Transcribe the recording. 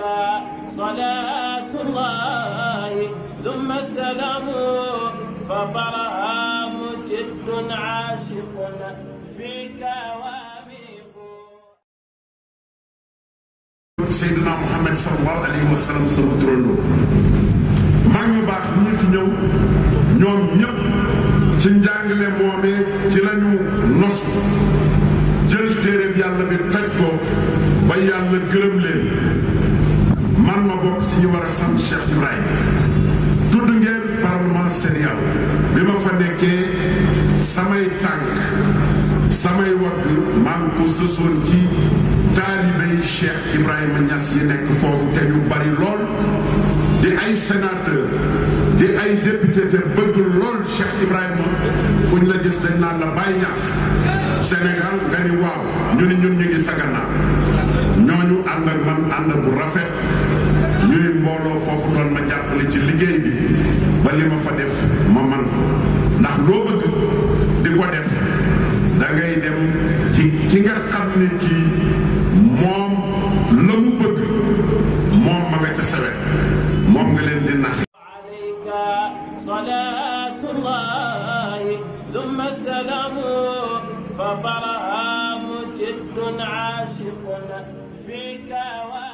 عليك صلاة الله ثم السلام فطرها مجد عاشق فيك وابيق سيدنا محمد صلى الله عليه وسلم sama turandoo mag ñu baax ñi fi ñëw ñoom ñëpp ci njàngale moomee ci lañu nosu jël téereb yàlla bi taj ko ba yàlla gërëm leen ñu war a sant Cheikh Ibrahima tudd ngeen parlement Sénégal bi ma fa nekkee samay tànk samay wagg maa ngi ko sosoon ci taalibey Cheikh Ibrahima Niass yi nekk foofu te ñu bari lool di ay sénateur di ay député te bëgg lool Cheikh Ibrahima fu ñu la gis dañ naan la Baye Niass Sénégal nga ni waaw ñu ni ñun ñu ngi sa gannaaw ñooñu ànd ak man ànd bu rafet foofu kon ma jàppale ci liggéey bi ba li ma fa def ma man ko ndax loo bëgg di ko def da ngay dem ci ki nga xam ne kii moom la mu bëgg moom ma nga ca sawet moom nga leen di nax alayka salaatullahi thumma salaamu fa barhaamu jiddun aashiqun fika